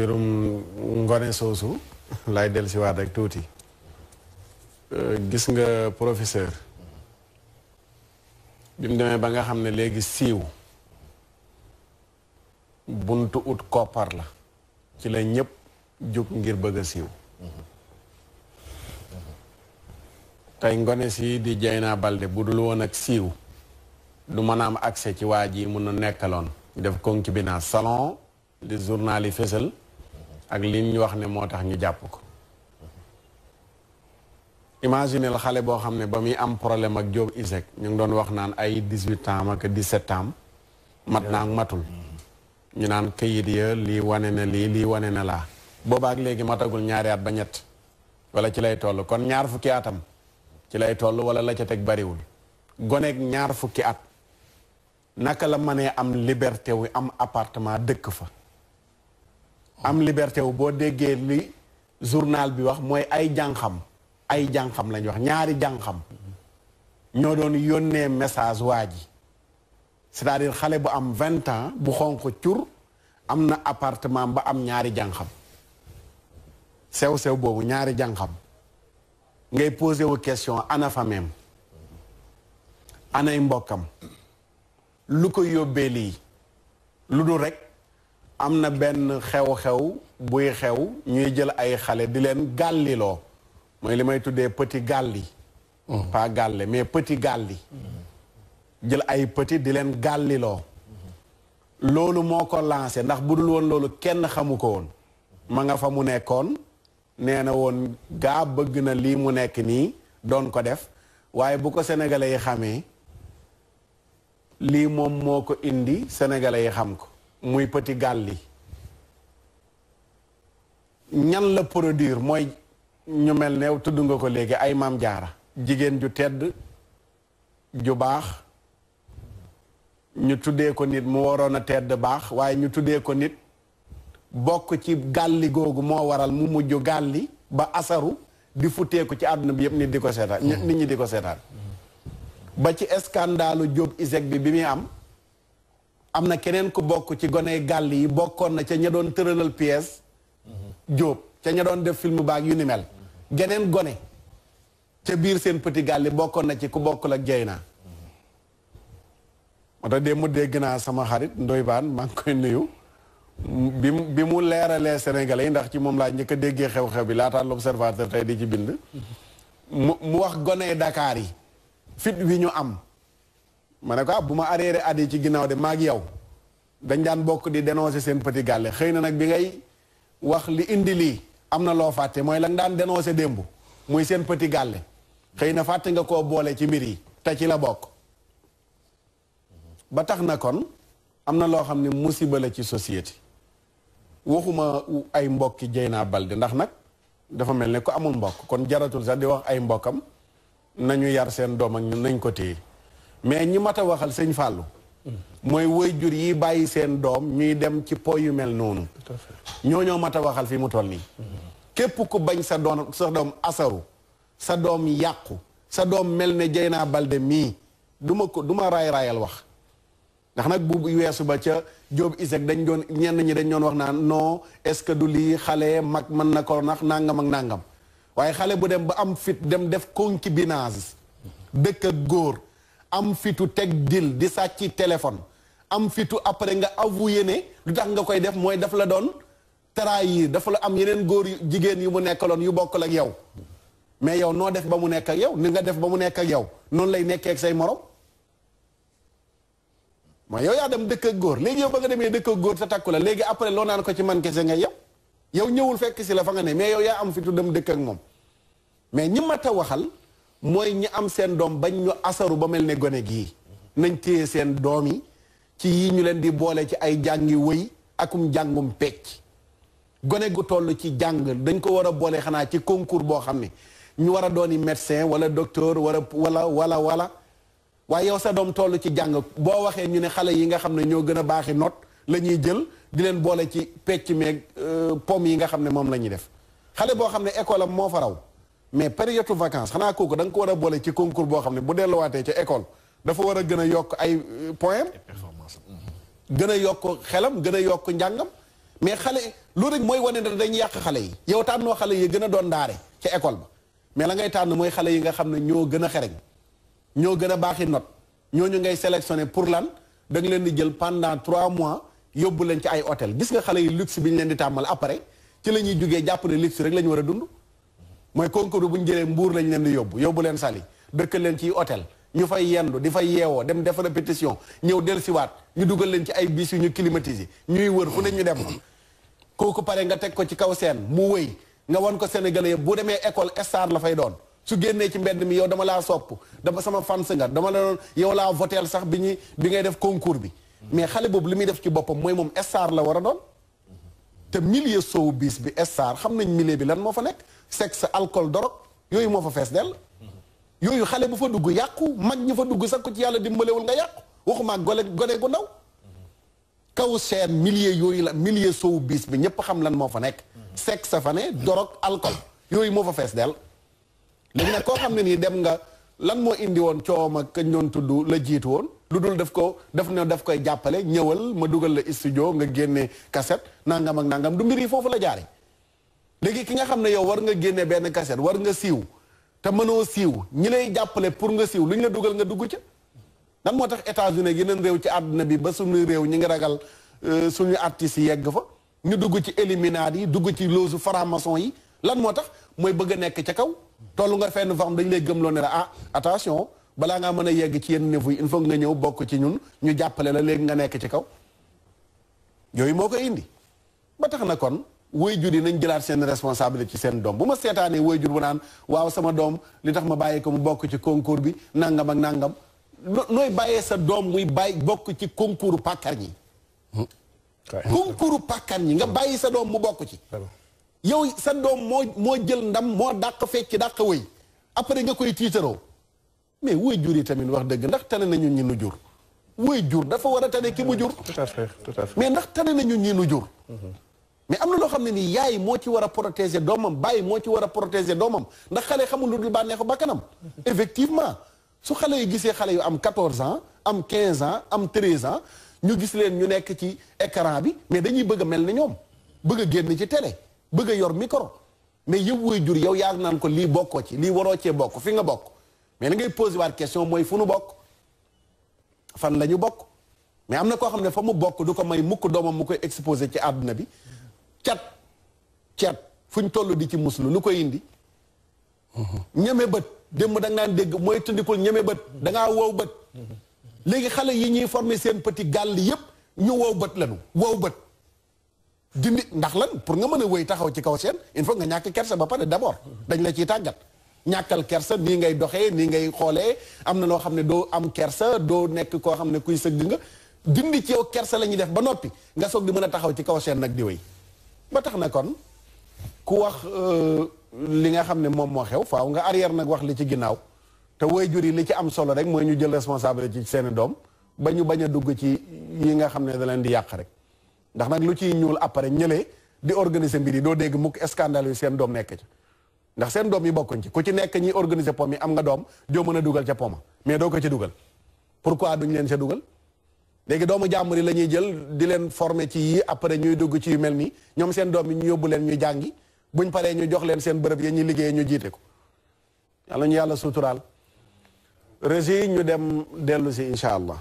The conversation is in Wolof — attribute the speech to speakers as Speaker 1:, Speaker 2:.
Speaker 1: mbirum ngone soosu lay del si waat rek tuuti euh, gis nga professeur bim mu demee ba nga xam ne léegi siiw buntu ut koppar la ci la ñëpp jóg ngir bëgg a siiw tey ngone si di naa balde bu dul woon ak siiw du mën a am accès ci waa ji mun na nekkaloon def concubinage salon li journal yi fësal ak li ñu wax ne moo tax ñu jàpp ko imaginel xale boo xam ne ba muy am problème ak Diop ISEC ñu ngi doon wax naan ay dix-huit ans ak dix-sept am mat naa matul ñu naan këyit ya lii wane na lii lii wane na laa boobaak léegi matagul ñaari at ba ñett wala ci lay toll kon ñaar fukki atam ci lay toll wala la ca teg bariwul goneeg ñaar fukki at naka la mënee am liberté wi am appartement dëkk fa am liberté wu boo déggee li journal bi wax mooy ay jànxam ay jànxam lañ wax ñaari jànxam ñoo doon yónnee message waa ji c'est-à-dire xale bu am vingt ans bu xonq cur am na appartement ba am ñaari jànxam sew-sew boobu ñaari jànxam ngay posé wu question ana fameem anay mbokkam lu ko yóbbee lii lu dul rek am na benn xew-xew buy xew ñuy jël ay xale di leen gàlliloo mooy li may tuddee petit gàlli mm-hmm. pas gàlle mais petit gàlli jël ay petit di leen gàlliloo mm-hmm. loolu moo ko lancé ndax bu dul woon loolu kenn xamu ko woon ma nga fa mu nekkoon nee na woon gaa bëgg na lii mu nekk nii doon ko def waaye bu ko sénégalais yi xamee lii moom moo ko indi sénégalais yi xam ko muy petit gàlli ñan la produire mooy ñu mel neew tudd nga ko léegi ay maam jaara jigéen ju tedd ju baax ñu tuddee ko nit mu waroon a tedd baax waaye ñu tuddee ko nit bokk ci gàlli googu moo waral mu mujj gàlli ba asaru di futteeku ci àdduna bi yëpp nit di ko seetaan nit ñi di ko seetaan ba ci scandalu Jóob isek bi bi muy am am na keneen ku bokk ci gone gàll yi bokkoon na ca ña doon tëralal pièce jóob ca ña doon def film baag yu ni mel geneen gone ca biir seen petit gàll yi bokkoon na ci ku bokkul ak jey naa moo tax dee mu dégg naa sama xarit Ndoye Bane maa koy nuyu bi mu bi mu leeralee Sénégalais yi ndax ci moom laa njëkk a déggee xew-xew bi laataan l'observateur tey di ci bind mu mu wax gone Dakar yi fit wi ñu am ma ne ko ah, bu ma arrière at ci ginnaaw de maag yow dañ daan bokk di dénoncer seen petit gàlle xëy na nag bi ngay wax li indi lii am na loo fàtte mooy lañ nga daan dénoncer démb muy seen petit gàlle xëy na fàtte nga koo boole ci mbir yi te ci la bokk ba tax na kon am na loo xam ne musiba la ci société waxuma ay mbokki naa Baldé ndax nag dafa mel ne ku amul mbokk kon jaratul sax di wax ay mbokkam nañu yar seen doom ak nañ ko téye mais ñi mat a waxal sëñ fàllu mooy woy jur yi bàyyi seen doom ñuy dem ci po yu mel noonu. ñoo ñoo mat a waxal fii mu toll nii. képp ku bañ sa doon sa doom asaru sa doom yàqu sa doom mel ne Dieyna balde mii duma ko duma ma raay raayal wax. ndax nag bu weesu ba ca Jóob Isaac dañ doon ñenn ñi dañ doon wax naan noo est-ce que du lii xale mag mën na ko nax nangam ak nangam waaye xale bu dem ba am fit dem def concubinage dëkk ak góor. am fitu teg dil di sàcc téléphone am fitu après nga avoué ne lu tax nga koy def mooy daf la doon yi dafa la am yeneen góor jigéen yu mu nekkaloon yu bokkul ak yow mais yow noo def ba mu nekk ak yow ni nga def ba mu nekk ak yow noonu lay nekkee ak say morom mooy yow yaa dem dëkk góor léegi yow ba dëkk góor te takku léegi après loo naan ko ci man kese nga yow yow ñëwul fekk si la fa nga ne mais yow yaa am fitu dem dëkk ak moom mais ñi mat a waxal mooy ñi am seen doom bañ ñu asaru ba mel ne gone gii nañ téye seen doom yi ci yi ñu leen di boole ci ay jàng jàngi wëy akum jàngum pecc gone gu toll ci jàng dañ ko war a boole xanaa ci concours boo xam ne ñu war a dooni médecin wala docteur wala wala wala wala waaye yow sa doom toll ci jàng boo waxee ñu ne xale yi nga xam ne ñoo gën a baaxi not la ñuy jël di leen boole ci pecc meeg euh, pomme yi nga xam ne moom la ñuy def xale boo xam ne école am moo fa raw mais période vacance xanaa kooku da ko war a boole ci concours boo xam ne bu delluwaatee ca école dafa war a gën a yokk ay euh, points mm-hmm. gën a yokk xelam gën a yokk njàngam mais xale loolu rek mooy wane ne dañ yàq xale yi yow tànnoo xale yi gën a doon daare ca école ba mais la ngay tànn mooy xale yi nga xam ne ñoo gën a xereñ ñoo gën a baaxi not ñoo ñu ngay sélectionné pour lan da leen di jël pendant trois mois yóbbu leen ci ay hôtel gis nga xale yi luxe bi ñu leen di tàmmal après ci la ñuy jógee jàpp ne luxe rek la ñu war a dund mooy concours bu ñu jëlee mbuur lañ leen di yóbbu yóbbu leen sali dëkkal leen ci hôtel ñu fay yendu di fay yeewoo dem def répétition ñëw dellusiwaat ñu dugal leen ci ay bis yu ñu climatiser ñuy wër fu ne ñu dem kooku pare nga teg ko ci kaw seen mu wëy nga wan ko Sénégalais yëpp bu demee école star la fay doon su génnee ci mbedd mi yow dama laa sopp dama sama fans nga dama la doon yow laa voteel sax bi ñu bi ngay def concours bi mais xale boobu li muy def ci boppam mooy moom star la war a doon te milieu sow bis bi star xam nañ milieu bi lan moo fa nekk sexe alcool dorog yooyu moo fa fees dell yooyu xale bu fa dugg yàqu mag ñi fa dugg sax ko ci yàlla dimbalewul nga yàqu waxuma gole gone gu ndaw kaw seen millier yooyu la milliers sowu bis bi ñëpp xam lan moo fa nekk sexe fa ne dorog alcool yooyu moo fa fees dell léegi nag koo xam ne nii dem nga lan moo indi woon coowam ak kañ doon tudd la jiitu woon lu dul def ko def ne daf koy jàppale ñëwal ma dugal la studio nga génne cassette nangam ak nangam du mbir yi foofu la jaare léegi ki nga xam ne yow war nga génne benn kaset war nga siiw te mënoo siiw ñi lay jàppale pour nga siiw lu ñu la dugal nga dugg ca nan moo tax États-Unis yeneen réew ci àdduna bi ba suñu réew ñi ngi ragal euh, suñu artistes yi yegg fa ñu dugg ci éliminaat yi dugg ci loosu franc-maçon yi lan moo tax mooy bëgg a nekk ci kaw tollu nga fenn fa xam dañ lay gëmloo ne la ah attention balaa ngaa mën a yegg ci yenn niveau yi il nga ñëw bokk ci ñun ñu jàppale la léegi nga nekk ci kaw yooyu moo ko indi ba tax na kon waajur yi nañ jëlaat seen responsabilité ci seen doom bu ma seetaanee jur bu naan waaw sama doom li tax ma bàyyi ko mu bokk ci concours bi nangam ak nàngam nooy bàyyee sa doom muy bàyyi bokk ci concours pàkkar ñi hmm. concours pàkkar ñi nga hmm. bàyyi sa doom mu bokk ci yow sa doom moo moo jël ndam moo dàq fecc dàq wëy après nga koy tiitaroo mais jur yi tamit wax dëgg ndax tane nañu ñi nu jur waajur dafa war a tane ki mu jur tout mais ndax tane nañu ñi nu jur hmm. mais am na loo xam ne nii yaay moo ci war a protéger doomam bàyyi moo ci war a protéger doomam ndax xale xamul lu dul bànneexu bakkanam effectivement su xale yi gisee xale yu am 14 ans am 15 ans am 13 ans ñu gis leen ñu nekk ci écran bi mais dañuy bëgg a mel ni ñoom bëgg génn ci télé bëgg yor micro mais yëpp woy jur yow yaa naan ko lii bokkoo ci lii waroo cee bokk fi nga bokk mais li ngay posé waat question mooy fu nu bokk fan la ñu bokk mais am na koo xam ne fa mu bokk du ko may mukk doomam mu koy exposé ci àdduna bi cat cet fu ñu toll di ci muslu lu koy indi ñeme bët démb da nga naan dégg mooy tundikul ñeme bët dangaa wow bët léegi xale yi ñuy former seen petit gàll yépp ñu wow bët lanu wow bët dindi ndax lan pour nga mën a wéy taxaw ci kaw seen in foog nga ñàkk kersa ba pare d'abord dañ la ciy tàggat ñàkkal kersa nii ngay doxee nii ngay xoolee am na loo xam ne doo am kersa doo nekk koo xam ne kuy sëgg nga dindi ci yow kersa la ñuy def ba noppi nga soog di mën a taxaw ci kaw seen nag di wéy ba tax na kon ku wax euh, li nga xam ne moom moo xew faaw nga arrière nag wax li ci ginnaaw te jur yi li ci am solo rek mooy ñu jël responsabilité ci seeni doom ba ñu bañ a dugg ci yi nga xam ne da leen di yàq rek ndax nag lu ci ñuul après ñëlee di organiser mbir yi doo dégg mukk scandale yu seen doom nekk ci ndax seen doom yi bokkuñ ci ku ci nekk ñi organiser pom yi am nga doom joo mën a dugal ca poma mais doo ko ci dugal pourquoi duñ leen ca dugal léegi doomu jàmbur yi la ñuy jël di leen former ci yii après ñuy dugg ci yu mel nii ñoom seen doom yi ñu yóbbu leen ñu jàngi buñ paree ñu jox leen seen bërëb yi ñu liggéeyee ñu jiite ko yàlla ñu yàlla suturaal rési ñu dem dellu si incha allah